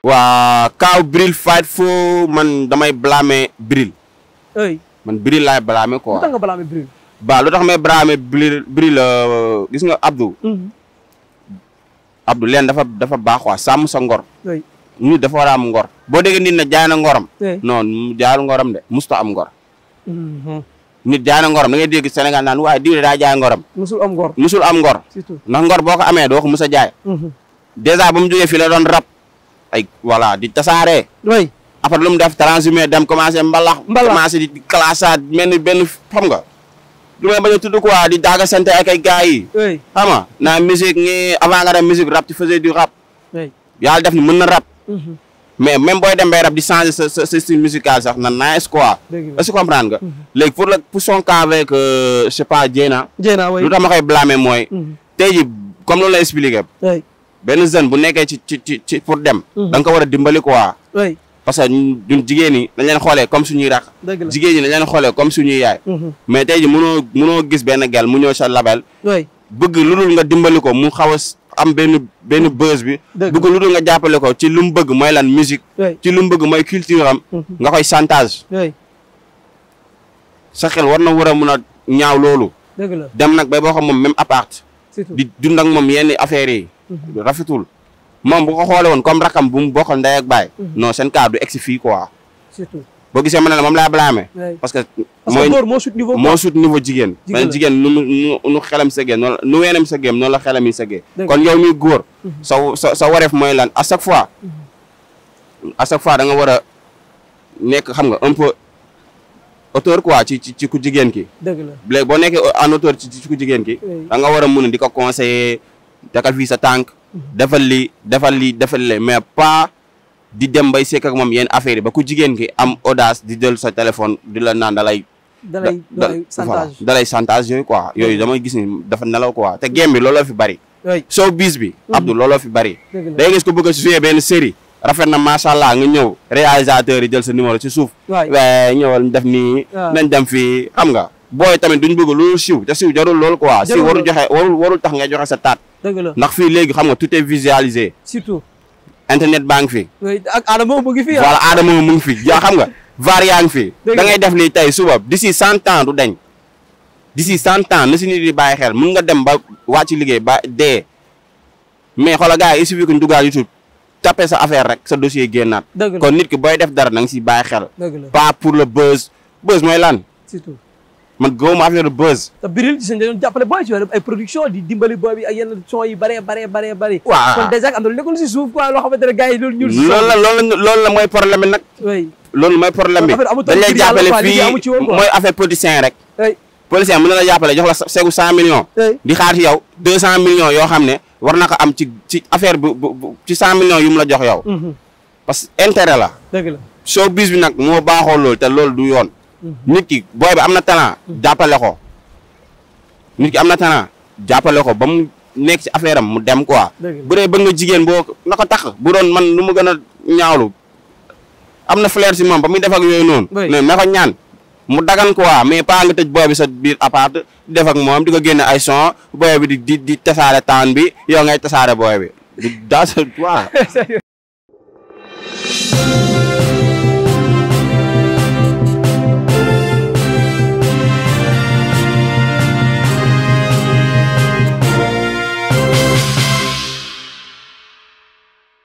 waa kaaw Bril fight foo man damay blâmer Bril. man Bril laay blâmer quoi. lu tax nga blâmer Bril. ba lu tax may blâmer Bril Bril euh, gis nga Abdou. Hmm. Abdou leen dafa dafa baax quoi sàmm sa ngor. ñu dafa war am ngor. boo déggee nit na jaay na ngoram. non mu jaayul am ngor. Hmm. nit jaay na ngoram da ngay dégg Sénégal naan waaye diw daa jaay ngoram. musul am ngor musul ngor. boo ko amee doo ko mus jaay. Hmm. dèjà ba mu jógee fii la doon rab. ay voilà di tasaare. oui après lu mu def transhumé dem commencé mbalax. mbalax commencé di classaat mel xam nga. a tudd quoi di daaga sant ak ay gars yi. oui xam nga naa musique ngi avant nga dem musique rap tu faisais du rap. oui def ni mën na rap. Mhm. mais même booy dem bay rab di changer sa sa style musical sax na nice quoi. dëgg la est-ce que comprendre nga. Mhm. léegi pour le pour son cas avec euh, je lu tax ma koy blâmer mooy. Mhm. tey jii comme loolu la expliqué. benn jeune bu nekkee ci ci pour dem. Mhm. danga ko war a dimbali ko oui parce que ñun jigéen ñi dañ leen xoolee comme suñuy raq. jigéen ñi dañ leen xoolee comme suñuy yaay. Mhm. mais tey ji mënoo mënoo gis benn gel mu ñëw sa label. oui bëgg lu dul nga dimbali ko mu xaw a am benn benn buzz bi. bëgg lu dul nga jàppale ko ci lu mu bëgg mooy lan musique. ci lu mu bëgg mooy culture am. Mhm. nga koy chantage. sa xel war na war a mun a ñaaw loolu. dem nag ba boo xam moom même appart. di dund ak moom yenn affaires yi. rafetul moom bu ko xoole woon comme rakam bu mu bokkal ndey ak baay mhm. non seen cas du egsi fii quoi boo gisee ma ne la moom laa blâmé parce que mooy moo sut niveau moo sut niveau jigéen benn jigéen nu xelam sa gee noonu nu weenam sa géem la xelam yi sa gee kon yow muy góor mhm. sa sa sa wareef mooy lan à chaque fois mhm. à chaque fois da nga a nekk xam nga un peu auteur quoi ci ci ku jigéen ki boo nekkee en auteur ci ku jigéen ki da nga mun di ko conseiller takal fii sa tànk defal li defal li defal le mais pas di dem bay sekk ak moom yenn affaire yi ba ku jigéen ki am audace di jël sa téléphone di la naan dalay dalay chantage dalay chantage yooyu quoi yooyu damay gis ni dafa nelaw quoi te game bi looloo fi bari so bis bi mhm. Abdou looloo fi bari day gis ko bëgg a jouer benn série rafet na macha allah nga ñëw réalisateur yi jël sa numéro ci suuf waaye ñëwal def nii nañ dem fii xam nga booy tamit duñ bëgg loolu siw te siw jarul loolu quoi siw warul joxe warul warul tax ngay joxe sa tat dëgg la ndax fii léegi xam nga tout est visualisé surtout internet baa ngi fi ak Adama mu ngi fi ah. voilà Adama mu ngi fi xam nga var yaa ngi fi da def lii tey suba d'ici cent ans du dañ d'ici cent ans na si nit di bàyyi xel mun nga dem ba wàcc liggéey ba dee mais xoola gars yi il suffit que ñu duggaat YouTube tapé sa affaire rek sa dossier génnaat ko nit ki booy def dara na nga si bàyyi xel pas pour le buzz buzz mooy lan man gëwuma affaire buzz. te Bril gis nañu dañoo jàppale ci wàllu di dimbali booy bi ak na lu nekkul si suuf quoi loo la loolu la loolu la mooy problème bi nag. oui loolu mooy problème bi. dañ lay jàppale mooy affaire politicien rek. oui politicien mën la jàppale jox la seegu cent millions. di xaar ci deux cent millions yoo xam ne war na am ci affaire bu bu ci cent millions yu la jox yow. Mhm. parce que la. dëgg la nag moo baaxoo loolu te loolu du yoon nit ki booy bi am na talent mm-hmm. jàppale ko nit ki am na talent jàppale ko ba mu nekk si affaire am mu dem quoi. bu dee bëgg jigéen boo na ko tax bu doon man lu mu gën a ñaawlu am na flair si moom ba muy def ak yooyu noonu. ne na ko ñaan mu dagan quoi mais pas nga tëj booy bi sa biir appart def ak moom di ko génne ay son booy bi di di di tasaare taan bi yow ngay tasaare booy bi daa sa